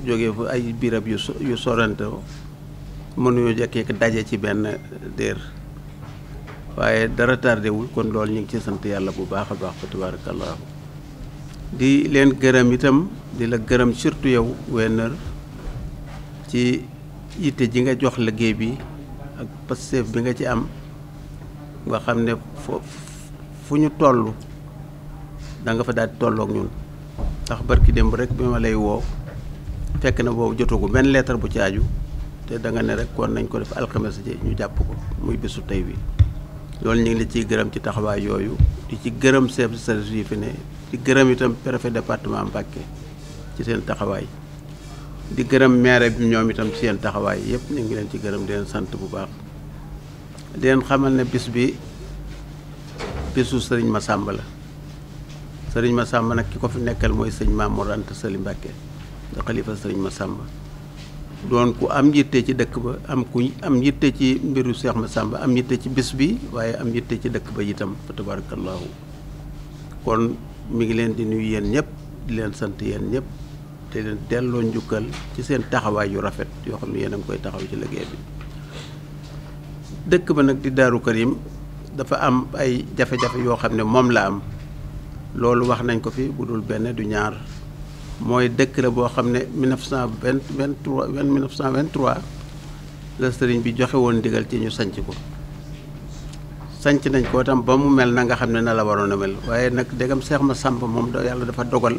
jógee fu ay birab yu yu sorante mënuñu jekk daje ci benn déer waaye dara tardé wul kon loolu ñu ngi ci sant yàlla bu baax a baax fa tabarakallahu di leen gërëm itam di la gërëm surtout yow gouverneur ci yitte ji nga jox liggéey bi ak pasteef bi nga ci am nga xam ne fu ñu toll danga nga fa daal di ñun ndax barki démb rek bi ma lay woo fekk na boobu jotagu benn leetar bu ci aju te da nga ne rek kon nañ ko def alxames ji ñu jàpp ko muy bésu tey bi loolu ñu ngi la ciy gërëm ci taxawaay yooyu di ci gërëm chef de service yi fi ne ci gërëm itam préfet département Mbacké ci seen taxawaay di gërëm maire bi ñoom itam ci seen taxawaay yëpp ñu ngi leen ci gërëm di leen sant bu baax di leen xamal ne bis bi bisu sëriñ Massamba la sëriñ ma Massamba nag ki ko fi nekkal mooy sëñ Mamour Anta Sali Mbacké da xalifa sëriñ Massamba doon ku am yitte ci dëkk ba am ku am yitte ci mbiru Seex Massamba am yitte ci bis bi waaye am yitte ci dëkk ba itam fa tabaarakallaahu kon mu ngi leen di nuyu yéen ñëpp di leen sant yéen ñëpp te leen delloo njukkal ci seen taxawaay yu rafet yoo xam ne yéen a ngi koy taxaw ci liggéey bi dëkk ba nag di Daaru Karim dafa am ay jafe-jafe yoo xam ne moom la am loolu wax nañ ko fi bu dul benn du ñaar mooy décret boo xam ne 1923 1923 la sëriñ bi joxe woon ndigal ci ñu sanc ko sanc nañ ko tam ba mu mel na nga xam ne na la waroon a mel waaye nag dégam Seex Masàmba moom yàlla dafa dogal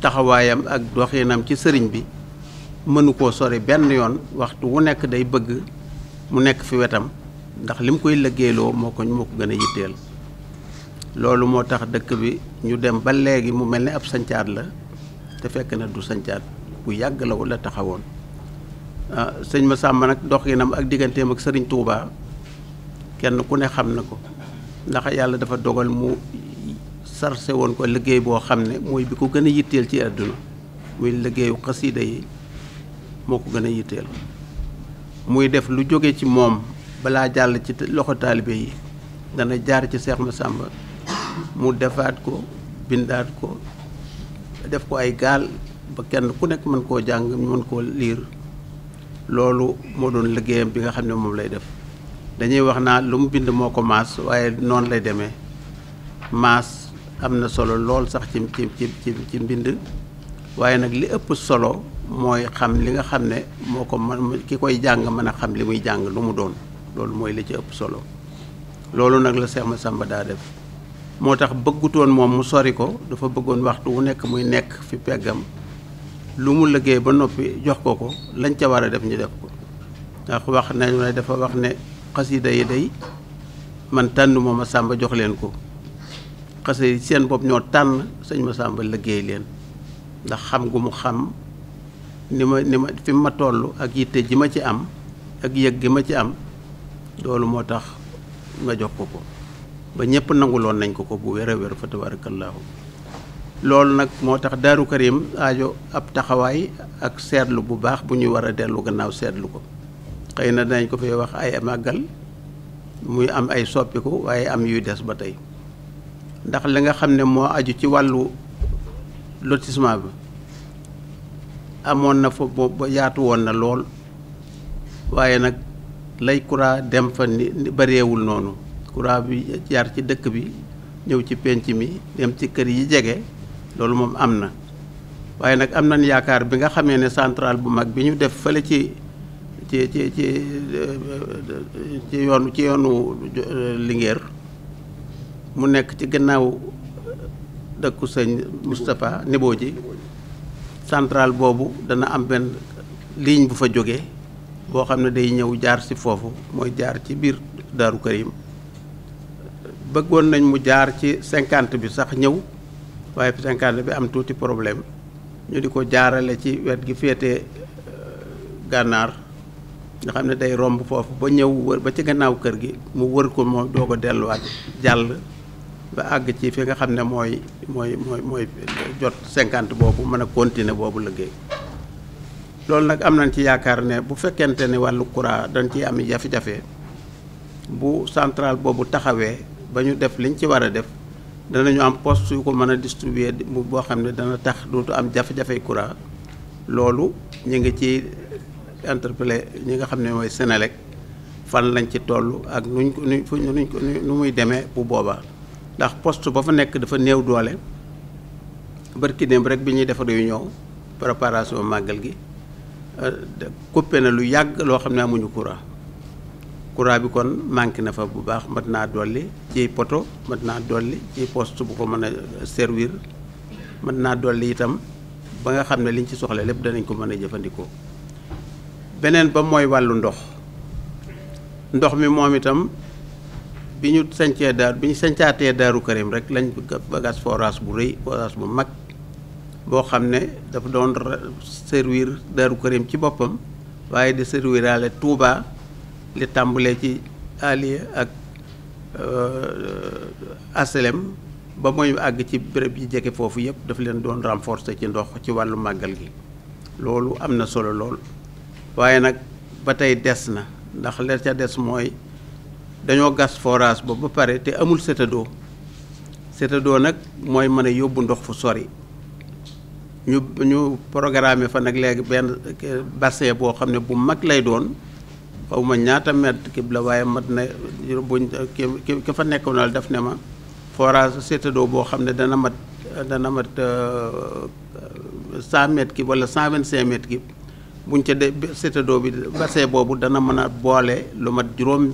taxawaayam ak doxinam ci sëriñ bi mënu koo sore benn yoon waxtu wu nekk day bëgg mu nekk fi wetam ndax lim koy liggéeyloo moo ko gën a loolu moo tax dëkk bi ñu dem ba léegi mu mel ni ab sancaat la te fekk na du sancaat bu yàgg la wala taxawoon ah, sëñ Massamba nag doxinam ak digganteem ak sëriñ tuubaa kenn ku ne xam na ko ndax yàlla dafa dogal mu sarse woon ko liggéey boo xam ne mooy bi ko gën a yitteel ci àdduna muy liggéeyu xasiida yi moo ko gën a yitteel muy def lu jóge ci moom balaa jàll ci loxo taalibe yi dana jaar ci Seex Massamba mu defaat ko bindaat ko def ko ay gaal ba kenn ku nekk mën koo jàng ñu mën koo liir loolu moo doon liggéeyam bi nga xam ne moom lay def dañuy wax naa lu mu bind moo ko maas waaye noonu lay demee maas am na solo lool sax ci ci ci ci mbind waaye nag li ëpp solo mooy xam li nga xam ne moo ko mën ki koy jàng mën a xam li muy jàng lu mu doon loolu mooy li ci ëpp solo loolu nag la Seex Masàmba daa def moo tax bëggutoon moom mu sori ko dafa bëggoon waxtu wu nekk muy nekk fi peggam lu mu liggéey ba noppi jox ko ko lañ ca war a def ñu def ko ndax wax nañu ne dafa wax ne xasida yi day man tànn moom ma sàmba jox leen ko xasida yi seen bopp ñoo tànn sëñ ma sàmba liggéey leen ndax xam gu mu xam ni ma ni ma fi ma toll ak yitte ji ma ci am ak yëg gi ma ci am loolu moo tax ma jox ko ko ba ñëpp nanguloon nañ ko ko bu wér a wér fa tabaarakallaahu loolu nag moo tax Daaru Karim ajo ab taxawaay ak seetlu bu baax bu ñuy war a dellu gannaaw seetlu ko xëy na dañ ko fay wax ay màggal muy am ay soppiku waaye am yuy des ba tey ndax li nga xam ne moo aju ci wàllu lotissement bi amoon na fa ba yaatu woon na lool waaye nag lay kura dem fa ni bareewul noonu courant bi jaar ci dëkk bi ñëw ci pénc mi dem ci kër yi jege loolu moom am na waaye nag am na yaakaar bi nga xamee ne central bu mag bi ñu def fale ci ci ci ci ci yoonu ci yoonu euh, Linguère mu nekk ci gannaaw dëkku sëñ mustapa Nibo ji central boobu dana am benn ligne bu fa jógee boo xam ne day ñëw jaar si foofu mooy jaar ci biir Daaru Karim bëggoon nañ mu jaar ci cinquante bi sax ñëw waaye cinquante bi am tuuti problème ñu di ko jaarale ci wet gi féete euh, gànnaar nga xam ne day romb foofu ba ñëw wër ba ci gannaaw kër gi mu wër ko moom doo ko delluwaat jàll ba àgg ci fi nga xam ne mooy mooy mooy mooy jot cinquante boobu mën a continuer boobu liggéey loolu nag am nañ ci yaakaar ne bu fekkente ne wàllu courant dañ ciy am jafe-jafe bu centrale boobu taxawee ba ñu def liñ ci war a def danañu am post yu ko mën a distribuer mu boo xam ne dana tax dootu am jafe-jafey courant loolu ñu ngi ci interpellé ñi nga xam ne mooy Sénélec fan lañ ci toll ak nuñ ko nuñ ko nu muy demee bu boobaa ndax post ba fa nekk dafa néew doole barki démb rek bi ñuy def ñëw préparation màggal gi euh, coupé na lu yàgg loo xam ne amuñu courant. courant bi kon manqué na fa bu baax mat naa dolli ci poto mat naa dolli ci poste bu ko mën a servir mat naa dolli itam ba nga xam ne liñ ci soxla lépp danañ ko mën a jëfandikoo beneen ba mooy wàllu ndox ndox mi moom itam bi ñu sancee daar bi sancaatee daaru Karim rek lañ bagas forage bu rëy forage bu mag boo xam ne dafa doon servir daaru Karim ci boppam waaye di serviraale Touba li tàmbalee ci aliya ak euh, aslem ba mooy àgg ci bërëb yi jege foofu yëpp daf leen doon renforcer ci ndox ci wàllu màggal gi loolu am na solo lool waaye nag ba tey des na ndax la ca des mooy dañoo gas forage ba ba pare te amul sétadoo sétadoo nag mooy mën a yóbbu ndox fu sori ñu ñu programme fa nag léegi benn bassin boo xam ne bu mag lay doon xaw ma ñaata mètre kib la waaye mat na buñ ki ki fa nekkoonal daf ne ma forage seetadoo boo xam ne dana mat dana mat euh, cent mètre kib wala cent vingt cinq kib buñ ca de seetadoo bi bassin boobu dana mën a boole lu mat juróom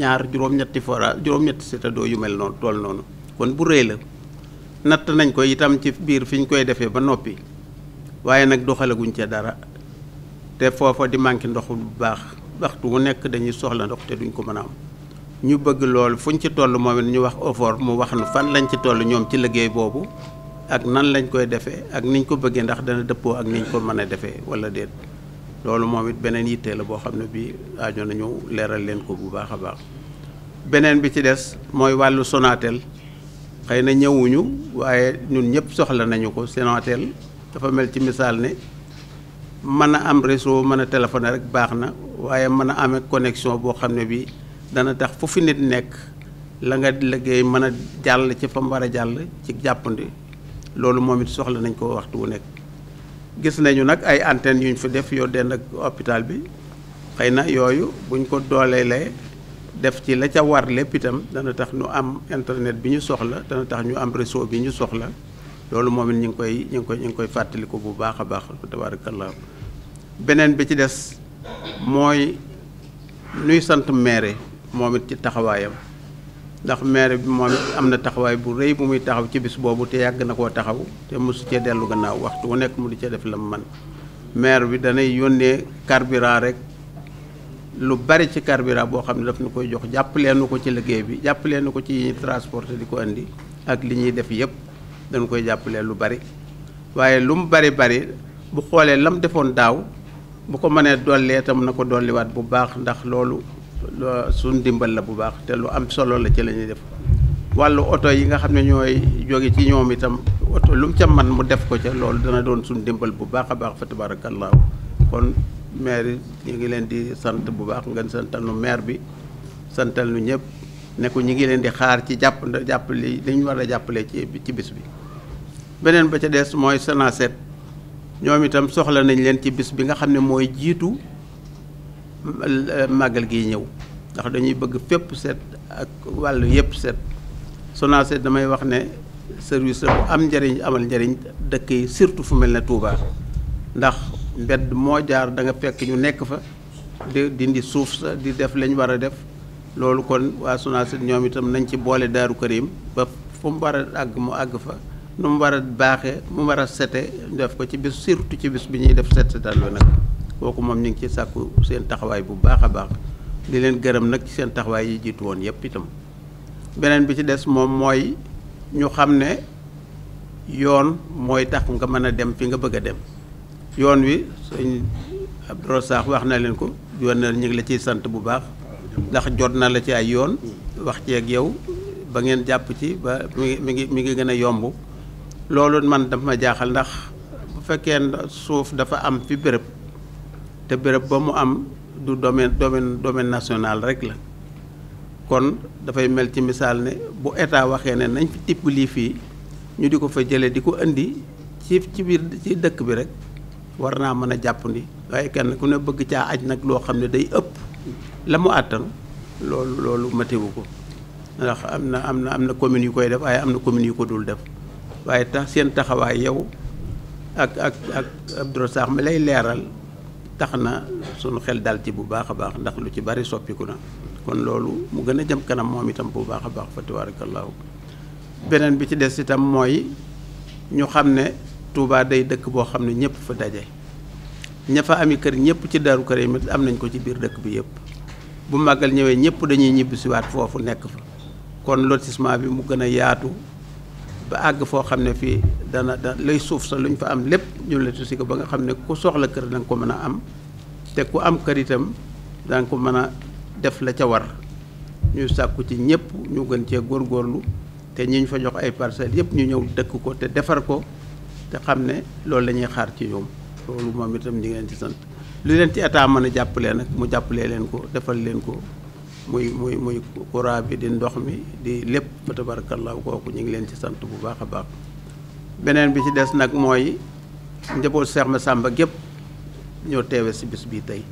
ñaar juróom-ñetti forage juróom-ñetti seetadoo yu mel noonu tool noonu kon bu rëy la natt nañ ko itam ci biir fi ñu koy defee ba noppi waaye nag doxalaguñ ca dara te foofa di manqué ndox bu baax waxtu wu nekk dañuy soxla ndox te duñ ko mën a am ñu bëgg loolu fuñ ci toll moom it ñu wax effort mu wax nu fan lañ ci toll ñoom ci liggéey boobu ak nan lañ koy defee ak niñ ko bëggee ndax dana dëppoo ak niñ ko mën a defee wala déet loolu moom it beneen yittee la boo xam ne bii aajo nañu leeral leen ko bu baax a baax beneen bi ci des mooy wàllu sonaateel xëy na ñëwuñu waaye ñun ñëpp soxla nañu ko Sonatel dafa mel ci misaal ne mën a am réseau mën a téléphoné rek baax na waaye mën a amee connexion boo xam ne bii dana tax fu fi nit nekk la nga liggéey mën a jàll ci fa mu war a jàll ci jàppandi loolu moom it soxla nañ ko waxtu wu nekk gis nañu nag ay antenne yu ñu fi def yoo dend ak hôpital bi xëy na yooyu buñ ko doolee lay def ci la ca war lépp itam dana tax ñu am internet bi ñu soxla dana tax ñu am réseau bi ñu soxla loolu moom it ñu ngi koy ñu ngi koy ñu ngi koy fàttaliku bu baax a baax tabarakallah beneen bi ci des mooy nuy sant maire moom it ci taxawaayam ndax maire bi moom am na taxawaay bu rëy bu muy taxaw ci bis boobu te yàgg na koo taxaw te mosu cee dellu gannaaw waxtu wu nekk mu di cee def la man maire bi danay yónnee carburant rek lu bari ci carburant boo xam ne daf ñu koy jox jàppalee nu ko ci liggéey bi jàppalee nu ko ci transporté di ko indi ak li ñuy def yépp dañ koy jàppalee lu bari waaye lu mu bari bari bu xoolee lam defoon daaw bu ko mënee dollee tam na ko dolliwaat bu baax ndax loolu suñ dimbal la bu baax te lu am solo la ci la ñuy def wàllu oto yi nga xam ne ñooy jóge ci ñoom itam oto lu mu ca man mu def ko ca loolu dana doon suñ dimbal bu baax a baax fa tabaarakallaahu kon maire yi ñu ngi leen di sant bu baax ngeen santal nu maire bi santal nu ñëpp ne ko ñu ngi leen di xaar ci jàpp jàppale li ñu a jàppale ci ci bis bi beneen ba ca des mooy set ñoom itam soxla nañ leen ci bis bi nga xam ne mooy jiitu màggal gi ñëw ndax dañuy bëgg fépp set ak wàll yépp set SONACED damay wax ne service la bu am njëriñ amal njëriñ dëkk yi surtout fu mel ne tuubaa ndax mbedd moo jaar danga fekk ñu nekk fa di dindi suuf sa di def lañ war a def loolu kon waa SONACED ñoom itam nañ ci boole Daaru Karim ba fu mu war a àgg mu àgg fa nu mu war a baaxee mu war a sete def ko ci bis surtout ci bis bi ñuy def set setal bi nag kooku moom ñu ngi ci sàkku seen taxawaay bu baax a baax di leen gërëm nag ci seen taxawaay yi jiitu woon yépp itam beneen bi ci des moom mooy ñu xam ne yoon mooy tax nga mën a dem fi nga bëgg a dem yoon wi sëñ Abdou Saax wax na leen ko yoon na ñu ngi la ciy sant bu baax ndax jot na la ci ay yoon wax ci ak yow ba ngeen jàpp ci ba mi ngi mi ngi mi ngi gën a yomb loolu man daf ma jaaxal ndax bu fekkee suuf dafa am fi béréb te béréb ba mu am du domaine domaine domaine national rek la kon dafay mel ci misaal ne bu état waxee ne nañ fi tibb lii fii ñu di ko fa jëlee di ko indi ci ci biir ci dëkk bi rek war naa mën a jàpp ni waaye kenn ku ne bëgg caa aj nag loo xam ne day ëpp la mu àttan loolu loolu matewu ko ndax am na am na am na communes yu koy def waaye am na communes yu ko dul def waaye tax seen taxawaay yow ak ak ak Abdou Rassakh lay leeral tax na sunu xel dal ci bu baax a baax ndax lu ci bari soppiku na kon loolu mu gën a jëm kanam moom itam bu baax a baax fa tabaarakallaahu beneen bi ci des itam mooy ñu xam ne tuubaa day dëkk boo xam ne ñëpp fa daje ña fa ami kër ñëpp ci daru Karim am nañ ko ci biir dëkk bi yëpp bu màggal ñëwee ñëpp dañuy ñibbisiwaat foofu nekk fa kon lotissement bi mu gën a yaatu ba àgg foo xam ne fii dana da lay suuf sa lu ñu fa am lépp ñu la tusi ko ba nga xam ne ku soxla kër danga nga ko mën a am te ku am kër itam da ko mën a def la ca war ñu sàkku ci ñëpp ñu gën cee góor góorlu te ñi ñu fa jox ay parcelles yëpp ñu ñëw dëkk ko te defar ko te xam ne loolu la ñuy xaar ci ñoom loolu moom itam ñu ngi leen ci sant leen ci état mën a jàppalee nag mu jàppalee leen ko defal leen ko muy muy muy courant bi di ndox mi di lépp fa tabarakallah kooku ñu ngi leen ci sant bu baax a baax beneen bi ci des nag mooy njaboot Seex sàmba gépp ñoo teewe si bis bii tey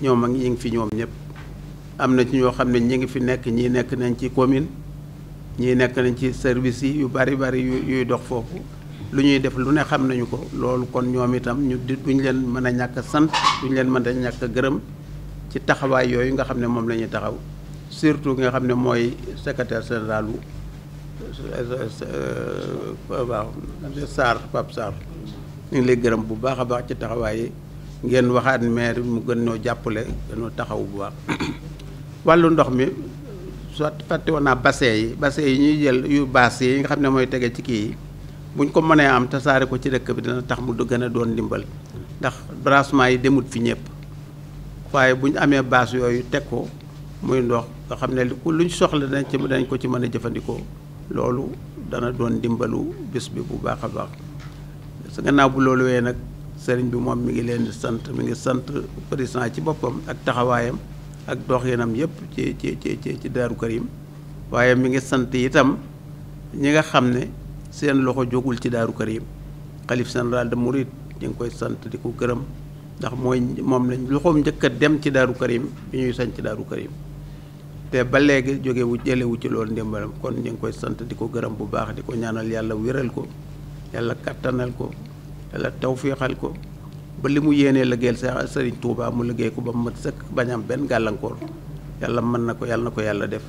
ñoom ak ñi ngi fi ñoom ñëpp am na ci ñoo xam ne ñi ngi fi nekk ñii nekk nañ ci commune ñii nekk nañ ci service yi yu bari bari yuy dox foofu lu ñuy def lu ne xam nañu ko loolu kon ñoom itam ñu duñ leen mën a ñàkk sant duñ leen mën a ñàkk gërëm ci taxawaay yooyu nga xam ne moom lañuy taxaw surtout nga xam ne mooy secretaire général wu euh, waaw Sarr Pape Sarr ñu lay gërëm bu baax a baax ci taxawaay ngeen waxaat maire mu gën ñoo jàppale gënoo taxaw bu baax wàllu ndox mi soit fàtte woon naa bassin yi bassin yi ñuy jël yu baas yi nga xam ne mooy tege ci kii yi buñ ko mënee am tasaare ko ci dëkk bi dina tax mu gën a doon ndimbal ndax branchement yi demut fi ñëpp waaye bu ñu amee baas yooyu teg ko muy ndox nga xam ne lu ñu soxla dañ ci ko ci mën a jëfandikoo loolu dana doon dimbalu bés bi bu baax a baax su gannaaw bu loolu wee nag sëriñ bi moom mi ngi leen di sant mi ngi sant président ci boppam ak taxawaayam ak doxinam yëpp ci ci ci ci Daaru Karim waaye mi ngi sant itam ñi nga xam ne seen loxo jógul ci Daaru Karim xalif général de Mouride ñu ngi koy sant di ko gërëm. ndax mooy moom lañ loxoom njëkk dem ci daaru karim bi ñuy sañ ci daaru karim te ba léegi jógewu jëlewu ci loolu ndimbalam kon ñu ngi koy sant di ko gërëm bu baax di ko ñaanal yàlla wéral ko yàlla kattanal ko yàlla tawfiixal ko ba li mu yéenee liggéeyal sa sëriñ Touba mu liggéey ko ba mu mat sëkk bañ am benn gàllankoor yàlla mën na ko yàlla na ko yàlla def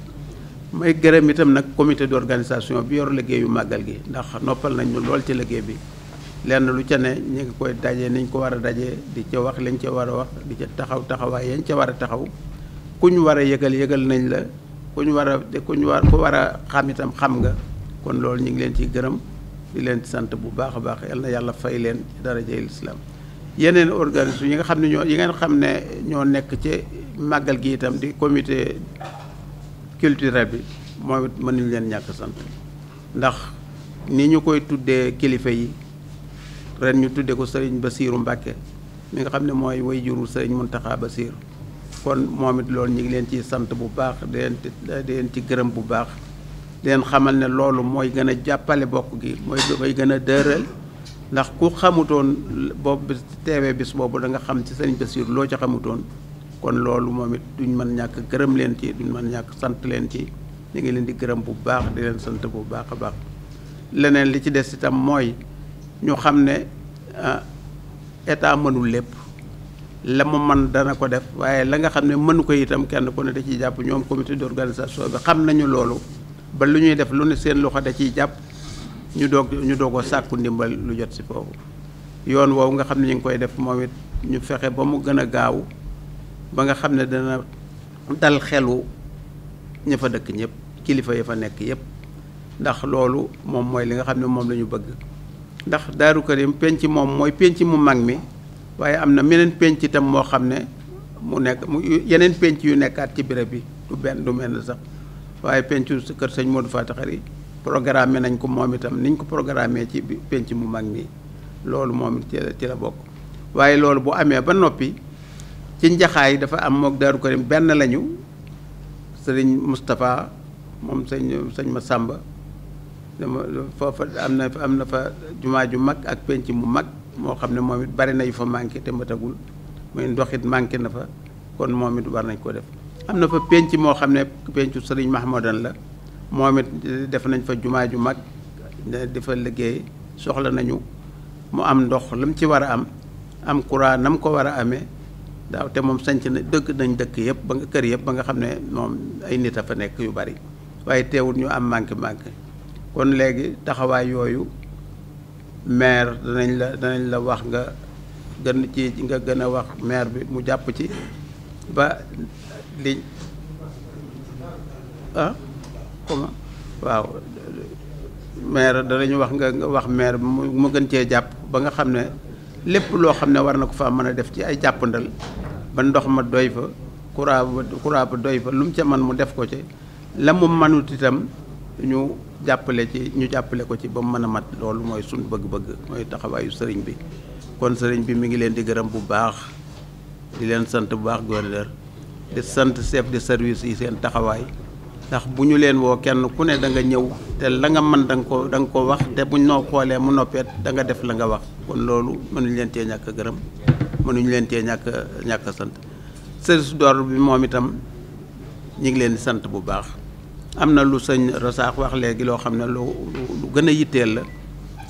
may gërëm itam nag commité comité organisation bi yor liggéeyu màggal gi ndax noppal nañ ñu lool ci liggéey bi lenn lu ca ne ñu ngi koy dajee niñ ko war a daje di ca wax lañ ca war a wax di ca taxaw taxawaay yañ ca war a taxaw ku ñu war a yëgal yëgal nañ la ku ñu war a ku ñu war war a xam itam xam nga kon loolu ñu ngi leen ciy gërëm di leen sant bu baax a baax yal na yàlla fay leen ci darajay lislaam yeneen organisme yi nga xam ne ñoo yi ngeen xam ne ñoo nekk ci màggal gi itam di comité culturel bi mën nañ leen ñàkk sant ndax ni ñu koy tuddee kilifa yi ren ñu tudde ko sëriñ Basiiru Mbàkke mi nga xam ne mooy way juru sëriñ Muntaxa basiir kon moom it loolu ñu ngi leen ci sant bu baax di ci gërëm bu baax di xamal ne loolu mooy gën a jàppale bokk gi mooy mooy gën a dëral ndax ku xamutoon boobu teewee bis boobu da nga xam ci sëriñ Basiiru loo ci xamutoon kon loolu moom it duñ mën ñàkk gërëm leen ci duñ mën ñàkk sant leen ci ñu ngi leen di gërëm bu baax di leen sant bu baax a baax leneen li ci des itam mooy ñu xam ne ah, état mënul lépp la mu mën dana ko def waaye la nga xam ne mënu ko itam kenn ku ne da ciy jàpp ñoom comité d'organisation bi xam nañu loolu ba lu ñuy def lu ne seen loxo da ciy jàpp ñu doog ñu doogoo sàkku ndimbal lu jot si foofu yoon woow nga xam ne ñu ngi koy def moom it ñu fexe ba mu gën a gaaw ba nga xam ne dana dal xelu ña fa dëkk ñëpp kilifa ya fa nekk yëpp ndax loolu moom mooy li nga xam ne moom la ñu bëgg ndax daaru karim penc moom mooy penc mu mag mi waaye am na meneen penc itam moo xam ne mu nekk mu yeneen penc yu nekkaat ci béréb bi du benn du mel sax waaye pencu kër sëñ Modou Faty Khary programme nañ ko moom itam niñ ko programme ci penc mu mag mi loolu moom ci la ci la bokk waaye loolu bu amee ba noppi ci njaxaay dafa am mook daaru karim benn lañu sëriñ Moustapha moom sëñ sëñ Massamba dama foofa am na am na fa jumaa ju mag ak penc mu mag moo xam ne moom it bari na yu fa manqué te matagul muy ndoxit manqué na fa kon moom it war nañ ko def am na fa penc moo xam ne pencu sëriñ Mahmoudan la moom it def nañ fa jumaa ju mag di liggéey soxla nañu mu am ndox lam ci war a am am courant nam ko war a amee daaw te moom sanc na dëkk nañ dëkk yëpp ba nga kër yëpp ba nga xam ne moom ay nit a fa nekk yu bari waaye teewul ñu am manqué manqué kon léegi taxawaay yooyu maire danañ la danañ la wax nga gën ci nga gën a wax maire bi mu jàpp ci ba li ah comment waaw maire danañu wax nga nga wax maire bi mu gën cee jàpp ba nga xam ne lépp loo xam ne war na ko fa mën a def ci ay jàppandal ba ndox ma doy fa courant ba ba doy fa lu mu ca man mu def ko ci la mu manut itam ñu jàppale ci ñu jàppale ko ci ba mu mën a mat loolu mooy suñ bëgg-bëgg mooy taxawaayu sëriñ bi kon sëriñ bi mu ngi leen di gërëm bu baax di leen sant bu baax gouverneur di sant chef de service yi seen taxawaay ndax bu ñu leen woo kenn ku ne da nga ñëw te la nga mën danga ko da nga ko wax te buñ noo xoolee mu noppeet da nga def la nga wax kon loolu mënuñ leen cee ñàkk a gërëm mënuñ leen cee ñàkk ñàkk a sant service d'ordre bi moom itam ñu ngi leen di sant bu baax am na lu sëñ Rasaax wax léegi loo xam ne lu lu gën a yitteel la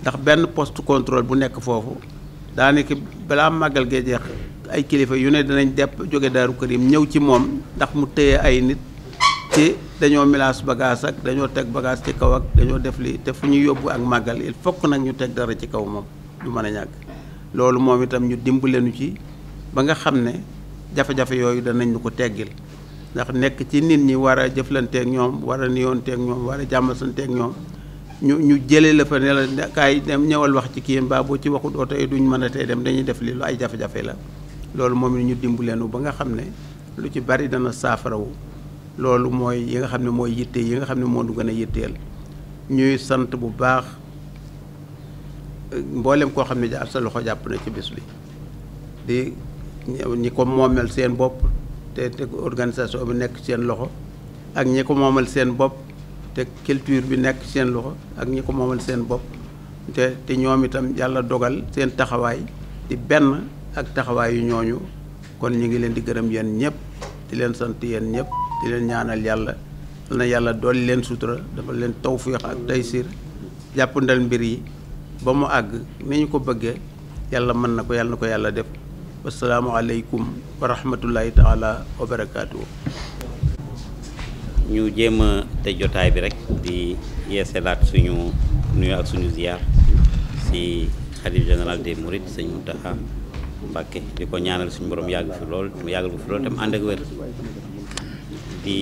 ndax benn poste contrôle bu nekk foofu daaneki balaa màggal gee jeex ay kilifa yu ne dinañ depp jóge daaru Karim ñëw ci moom ndax mu téye ay nit ci dañoo mélange bagage ak dañoo teg bagage ci kaw ak dañoo def li te fu ñu yóbbu ak màggal il faut nag ñu teg dara ci kaw moom lu mën a ñàgg loolu moom itam ñu dimbalenu ci ba nga xam ne jafe-jafe yooyu danañ lu ko teggil ndax nekk ci nit ñi war a jëflanteeg ñoom wara a niyoonteeg ñoom war a jàmmasanteeg ñoom ñu ñu jëlee la fa ne la kaay dem ñëwal wax ci kii boo ci waxut oto yi duñ mën a tey dem dañuy def li lu ay jafe la loolu moom it ñu dimbuleenu ba nga xam ne lu ci bari dana saafarawu loolu mooy yi nga xam ne mooy yitte yi nga xam ne moo du gën a yitteel ñuy sant bu baax mboolem koo xam ne ab sa loxo jàpp na ci bis bi di ñi ko moomel seen bopp te te organisation bi nekk seen loxo ak ñi ko moomal seen bopp te culture bi nekk seen loxo ak ñi ko moomal seen bopp te te ñoom itam yàlla dogal seen taxawaay di benn ak taxawaayu ñooñu kon ñu ngi leen di gërëm yéen ñëpp di leen sant yéen ñëpp di leen ñaanal yàlla na yàlla dool leen sutura dafa leen tawfiix ak taysiir jàppandal mbir yi ba mu àgg ni ñu ko bëggee yàlla mën na ko yàlla na ko yàlla def wasalaamualeykum wa rahmatullahi taala wa barakaatu. ñu jéem a te jotaay bi rek di yeeselaat suñu nuyu ak suñu ziar si xalif général des Mourides sëñ Mountakha Mbacké di ko ñaanal suñu borom yàgg fi lool yàggal ko fi lool tam ànd ak wér di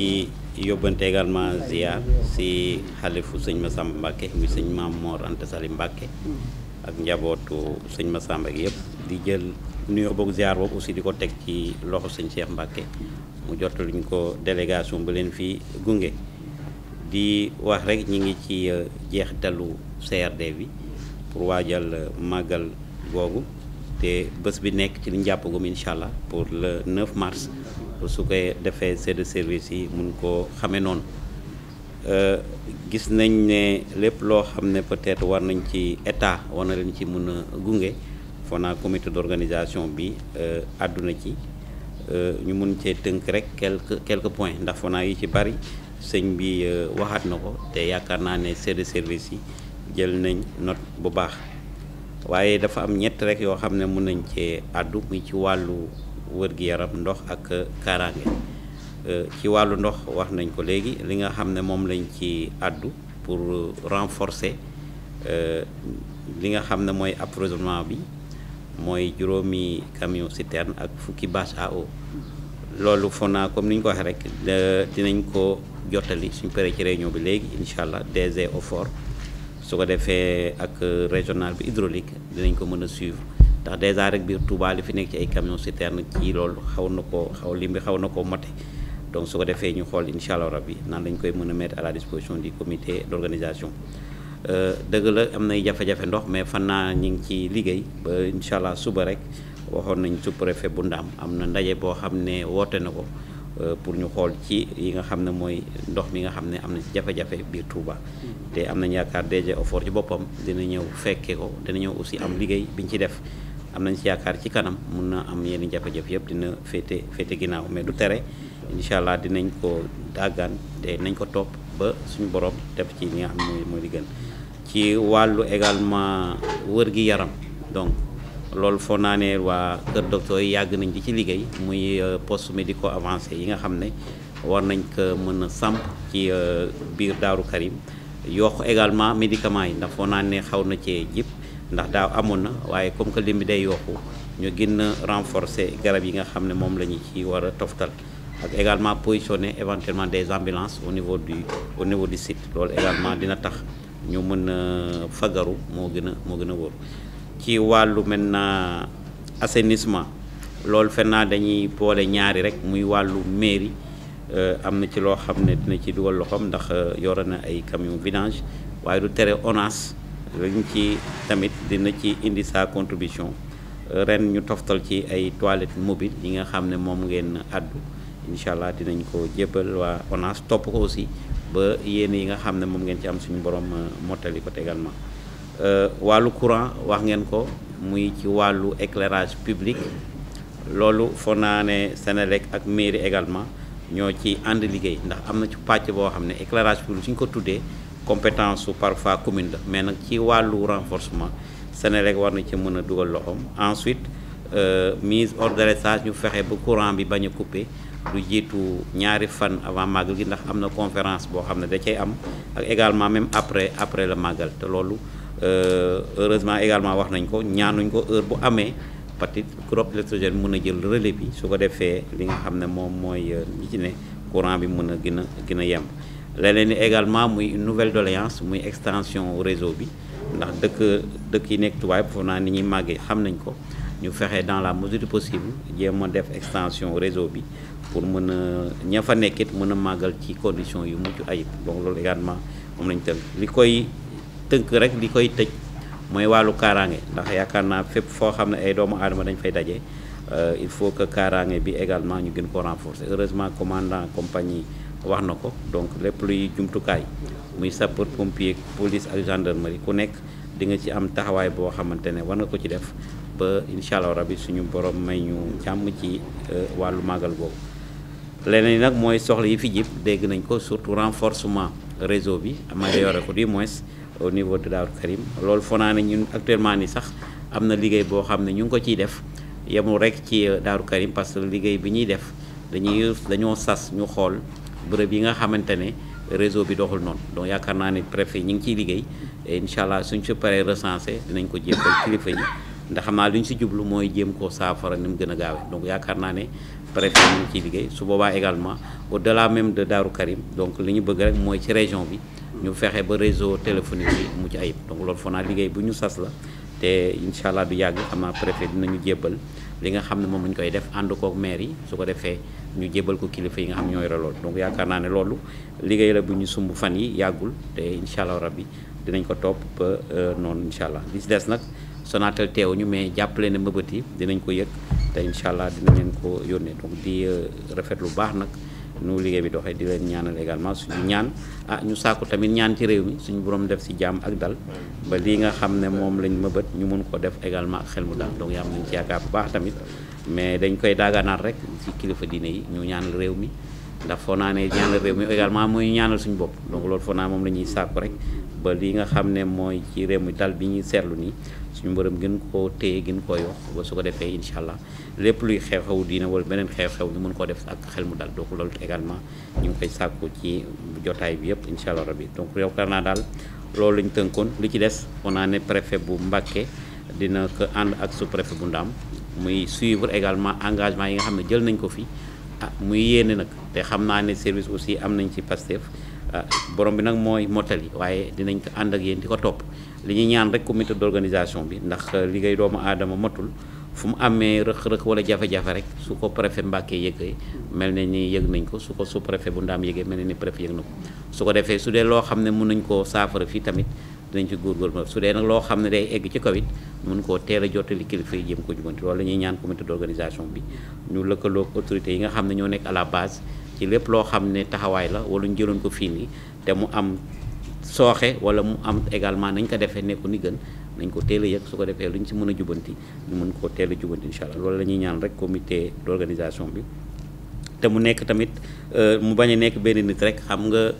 yóbbante également ziar si xalifu sëñ Massamba Mbacké muy sëñ Maam Mor Anta Sali Mbacké ak njabootu sëñ Massamba gi yëpp di jël nuyoo boog ziar aussi di ko teg ci loxo sëñ Cheikh Mbacke mu jottaluñ ko délégation ba leen fi gunge di wax rek ñi ngi ci jeex euh, jeexitalu CRD bi pour waajal euh, màggal googu te bés bi nekk ci liñ jàppagum incha allah pour le 9 mars pour su koy defee de service yi mun koo xamee noonu. Euh, gis nañ ne lépp loo xam ne peut-être war nañ ci état war na leen ci mën a gunge foo commité comité d'organisation bi euh, àdduna ci euh, ñu mun cee tënk rek quelques quelques points ndax foo naa yi ci bari sëñ bi waxaat na ko te yaakaar naa ne chef de service yi jël nañ note bu baax waaye dafa am ñett rek yoo xam ne mun nañ cee àddu muy ci wàllu wër-gi-yaram ndox ak kaaraange Euh, ci wàllu ndox wax nañ ko léegi li nga xam ne moom lañ ci àddu pour euh, renforcer euh, li nga xam ne mooy approvisionnement bi mooy juróomi camion citerne ak fukki bâche à loolu foog naa comme ni ñu ko waxee rek dinañ ko jottali suñ paree ci réunion bi léegi incha allah DG Ofor su ko defee ak régional bi hydraulique dinañ ko mën a suivre ndax dèjà rek biir Touba fi nekk ci ay camion citerne ci loolu xaw na ko xaw lim bi xaw na ko mote donc su ko defee ñu xool incha allah rabbi nan lañ koy mën a mettre à la disposition du comité d' organisation euh, dëgg la am nañ jafe-jafe ndox mais fan naa ñu ngi ci liggéey ba incha allah suba rek waxoon nañ sous-préfet bu Ndaam am na ndaje boo xam ne woote na ko euh, pour ñu xool ci yi nga xam ne mooy ndox mi nga xam ne am na ci jafe-jafe biir Touba. Mm. te am nañ yaakaar DG Ofor ci boppam dina ñëw fekke ko dina ñëw aussi am liggéey bi ñu ci def am nañ ci yaakaar ci kanam mun naa am yenn jafe-jafe yëpp dina féete féete ginnaaw mais du tere. incha allah dinañ ko dàggan te nañ ko topp ba suñu borom def ci li nga xam ne mooy li ci wàllu également wër gi yaram donc loolu foo naa ne waa kër yi yàgg nañ di ci liggéey muy euh, poste médico avancé yi nga xam ne war nañ mën a samp ci euh, biir Daaru Karim yokk également médicaments yi ndax foo naa ne xaw na cee jib ndax amoon na waaye comme que lim bi day yokku ñu gën a renforcer garab yi nga xam ne moom la ñu ci war a toftal ak également positionner éventuellement des ambulances au niveau du au niveau di site loolu également dina tax ñu mën a fagaru moo gën a moo gën a wóor ci wàllu maintenant assainissement loolu fen dañuy boole ñaari rek muy wàllu mairie euh, am na ci loo xam ne dina ci dugal loxoom ndax euh, yore na ay camion vinage waaye du tere ONAS lañ ci tamit dina ci indi sa contribution euh, ren ñu toftal ci ay toilettes mobiles yi nga xam ne moom ngeen addu incha allah dinañ ko jébbal waa ONAS topp ko aussi ba yéen yi nga xam ne moom ngeen ci am suñu borom euh, mottali ko également euh, wàllu courant wax ngeen ko muy ci wàllu éclairage public loolu foo naa ne Sénélec ak mairie également ñoo ci ànd liggéey ndax am na ci pàcc boo xam ne éclairage public suñ ko tuddee compétence su parfois commune la mais nag ci wàllu renforcement Sénélec war na ci mën a dugal loxoom ensuite euh, mise hors délestage ñu fexe ba courant bi bañ a lu jiitu ñaari fan avant màggal gi ndax am na conférence boo xam ne da cay am ak également même après après la màggal te loolu euh, heureusement également wax nañ ko ñaanuñ ko heure bu amee peut-être groupe électrogène mën a jël relais bi su ko defee li nga xam ne moom mooy li euh, ci ne courant bi mën a gën a gën a yemb leneen également muy une nouvelle doléance muy extension réseau bi ndax dëkk dëkk yi nekk tubaab foofu naa ni ñuy màggee xam nañ ko ñu fexe dans la mesure du possible a def extension réseau bi pour mën a ña fa nekkit mën a màggal ci condition yu mucc ayib donc loolu également moom lañu tënk li koy tënk rek li koy tëj mooy wàllu kaaraange ndax yaakaar naa fépp foo xam ne ay doomu aadama dañ fay daje euh, il faut que kaaraange bi également ñu gën ko renforcer heureusement commandant compagnie wax na ko donc lépp luy jumtukaay muy sapeur pompier police ak gendarmerie ku nekk di nga ci am taxawaay boo xamante ne war nga ko ci def ba incha allah rabi suñu borom may ñu jàmm ci euh, wàllu màggal boobu. leneen yi nag mooy soxla yi fi jib dégg nañ ko surtout renforcement réseau bi amélioré ko du moins au niveau de Daaru Karim loolu foo naa ne actuellement ni sax am na liggéey boo xam ne ñu ngi ko ciy def yemul rek ci euh, Daaru Karim parce que liggéey bi ñuy def dañuy dañoo sas ñu xool bërëb yi nga xamante ne réseau bi doxul noonu donc yaakaar naa ne préfet ñu ngi ciy liggéey et incha suñ si paree recencé dinañ ko jébbal kilifa yi ndax xam naa li ñu si jublu mooy jéem koo saafara ni mu gën a gaawee donc yaakaar naa ne préfet mu ngi liggéey su boobaa également au même de Daaru Karim donc li ñu bëgg rek mooy ci région bi ñu fexe ba réseau téléphonique bi mu ci ayib donc loolu foo naa liggéey bu ñu sas la te incha allah du yàgg xam naa préfet dinañu jébbal li nga xam ne moom lañ koy def ànd kook maire yi su ko defee ñu jébbal ko kilifa yi nga xam ñoo yore loolu donc yaakaar naa ne loolu liggéey la bu ñu sumb fan yi yàggul te incha allah rabbi dinañ ko topp euh, noonu incha allah li des nag Sonatel teewuñu mais jàppale ne mbëbët yi dinañ ko yëg te incha allah dina leen ko yónnee donc di euh, rafet lu baax nag nu liggéey bi doxee di leen ñaanal également suñu ñaan ah ñu sàkku tamit ñaan ci réew mi suñu borom def si jàmm ak dal ba li nga xam ne moom lañ mëbët ñu mun ko def également ak xel mu dal donc yaa am nañ ci yaakaar bu baax tamit mais dañ koy daaganaat rek ci kilifa diine yi ñu ñaan réew mi ndax foo naa ne ñaanal réew mi également mooy ñaanal suñu bopp donc loolu foo moom la ñuy sàkku rek ba li nga xam ne mooy ci réew mi dal bi ñuy seetlu nii suñu mbërëm gën koo téye gën koo yokk ba su ko defee incha allah lépp luy xew-xew diina wala beneen xew-xew ñu mun koo def ak xel mu dal donc loolu également ñu ngi koy sàkku ci jotaay bi yëpp incha allah rabbi donc yaakaar naa daal loolu ñu tënkoon li ci des foo naa ne préfet bu Mbacké dina ko ànd ak sous préfet bu Ndam muy suivre également engagement yi nga xam ne jël nañ ko fi ah muy yéene nag te xam naa ne service aussi am nañ ci Pastef ah, borom bi nag mooy yi waaye dinañ ko ànd ak yéen di ko topp li ñuy ñaan rek comité d'organisation bi ndax ah, liggéey doomu aadama matul fu mu amee rëq-rëq wala jafe-jafe rek su ko préfet Mbàkke yëgee mel na ni yëg nañ ko su ko sous préfet bu ndaam yëgee mel na ni préfet yëg na ko su ko defee su dee loo xam ne mun nañ koo saafara fii tamit dinañ ci góorgóorlu su dee nag loo xam ne day egg ci kaw it mun koo teel a jottali kilifa yi jëm ko jubanti loolu la ñuy ñaan comité d'organisation bi ñu lëkkaloog autorités yi nga xam ne ñoo nekk la base ci lépp loo xam ne taxawaay la wala ñu jëloon ko fii nii te mu am sooxe wala mu am également nañ ko defee nekku ni gën nañ ko teel a yëg su ko defee lu ñu mën a jubanti ñu koo teel a jubanti incha loolu la ñuy ñaan rek comité d'organisation bi te mu nekk tamit euh, mu bañ a nekk benn nit rek xam nga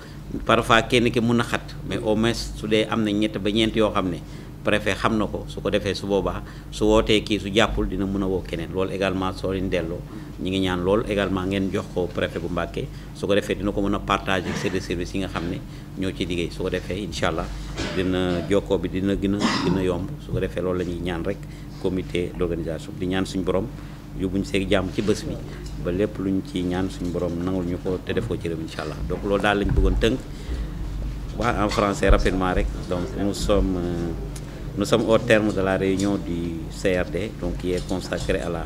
parfois kenn ki mun na xat mais au moins su dee am na ñett ba ñeent yoo xam ne préfet xam na ko su ko defee su boobaa su wootee kii su jàppul dina mun a woo keneen loolu également soo leen delloo ñi ngi ñaan loolu également ngeen jox ko préfet bu Mbacké su ko defee dina ko mën a partage ak de service yi nga xam ne ñoo ci liggéey su ko defee incha allah dina jokkoo bi dina gën a gën yomb su ko defee loolu la ñuy ñaan rek comité d'organisation di ñaan suñu borom yóbbuñ seeg jàmm ci bës bi ba lépp luñ ci ñaan suñu borom nangul ñu ko te defoo ko ci réew incha allah donc loolu daal lañ bëggoon tënk waa en français rapidement rek donc nous sommes euh, nous sommes au terme de la réunion du CRD donc qui est à la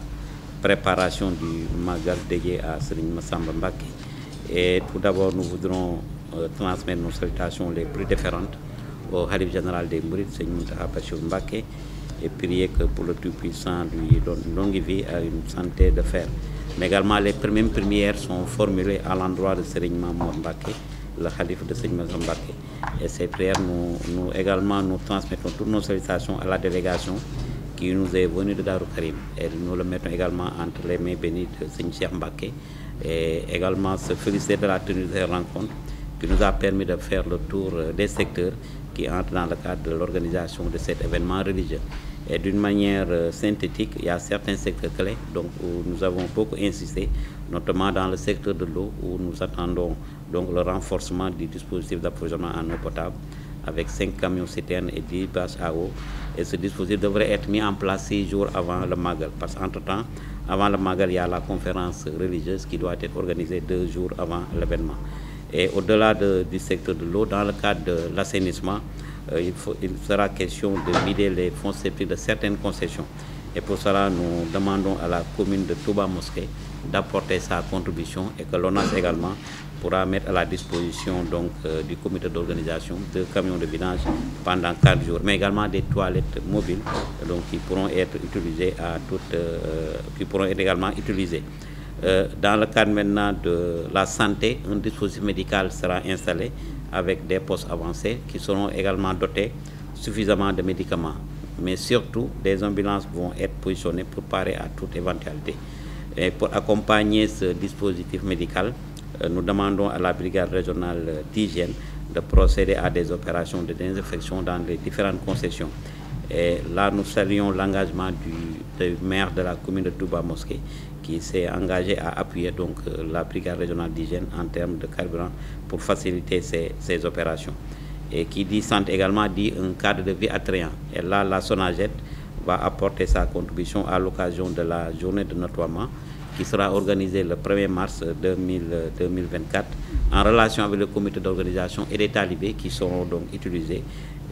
préparation du Magal dédié à Serigne Massamba Mbacké et tout d'abord nous voudrons euh, transmettre nos salutations les plus différentes au Khalif général des Mourides Serigne Mountakha Bassirou Mbacké et prier que pour le Tout-Puissant lui donne une longue vie à une santé de fer. Mais également, les premières premières sont formulées à l'endroit de Sérignement Mbake, le calife de Sérignement Mbake. Et ces prières, nous, nous, également, nous transmettons toutes nos salutations à la délégation qui nous est venue de Darou Karim. Et nous le mettons également entre les mains bénies de Seigneur la tenue de cette rencontre qui nous a permis de faire le tour euh, des secteurs qui entrent dans le cadre de l'organisation de cet événement religieux. Et d'une manière euh, synthétique, il y a certains secteurs clés donc, où nous avons beaucoup insisté, notamment dans le secteur de l'eau, où nous attendons le renforcement du dispositif d'approvisionnement en eau potable avec 5 camions citernes et 10 bâches à eau. Et ce dispositif devrait être mis en place 6 jours avant le Magal. Parce qu'entre-temps, avant le Magal, il y a la conférence religieuse qui doit être organisée deux jours avant l'événement. Et au d de, du secteur de l'eau, dans le cadre Euh, il, faut, sera question de vider les fonds sceptiques de certaines concessions. Et pour cela, nous demandons à la commune de Touba Mosquée d'apporter sa contribution et que l'ONAS également pourra mettre à la disposition donc, euh, du comité d'organisation deux camions de vidange pendant quatre jours, mais également des toilettes mobiles donc, qui pourront être utilisées à toutes, euh, qui pourront également utilisées. Euh, dans le cadre maintenant de la santé, un dispositif médical sera installé avec des postes avancés qui seront également dotés suffisamment de médicaments. Mais surtout, des ambulances vont être positionnées pour parer à toute éventualité. Et pour accompagner ce dispositif médical, euh, nous demandons à la brigade régionale d'hygiène de procéder à des opérations de désinfection dans les différentes concessions. Et là, nous saluons l'engagement du, maire de la commune de Touba Mosquée qui s'est engagé à appuyer donc euh, la brigade régionale d'hygiène en termes de carburant pour faciliter ces, ces opérations. Et qui dit santé également dit un cadre de vie attrayant. Et là, la Sonagette va apporter sa contribution à l'occasion de la journée de nettoiement qui sera organisée le 1er mars 2000, 2024 en relation avec le comité d'organisation et les talibés qui seront donc utilisés.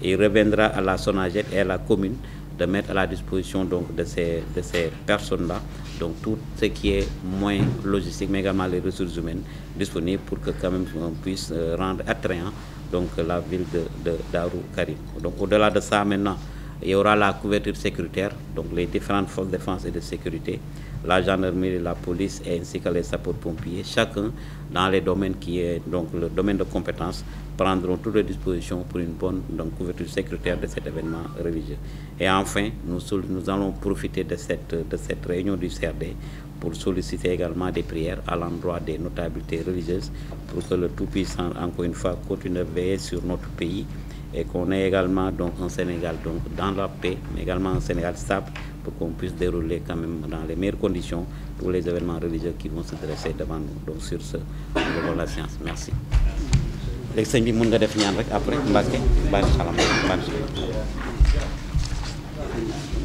Il reviendra à la Sonagette et à la commune de mettre à la disposition donc de ces, de ces personnes-là, donc tout ce qui est moins logistique, mais également les ressources humaines disponibles pour que quand même puisse euh, rendre attrayant donc la ville de, de Darou Karim. Donc au-delà de ça maintenant, il y aura la couverture sécuritaire, donc les différentes forces de défense et de sécurité. la gendarmerie, la police et ainsi que les sapeurs-pompiers, chacun dans les domaines qui est donc le domaine de compétence, prendront toutes les dispositions pour une bonne donc, couverture sécuritaire de cet événement religieux. Et enfin, nous, nous allons profiter de cette, de cette réunion du CRD pour solliciter également des prières à l'endroit des notabilités religieuses pour que le Tout-Puissant, encore une fois, continue de veiller sur notre pays et qu'on ait également donc un Sénégal donc dans la paix, mais également un Sénégal stable pour qu'on puisse dérouler quand même dans les meilleures conditions tous les événements religieux qui vont se dresser devant nous. sur ce, nous devons la science. Merci. léegi sëñ bi mën nga def ñaan rek après Mbacke bari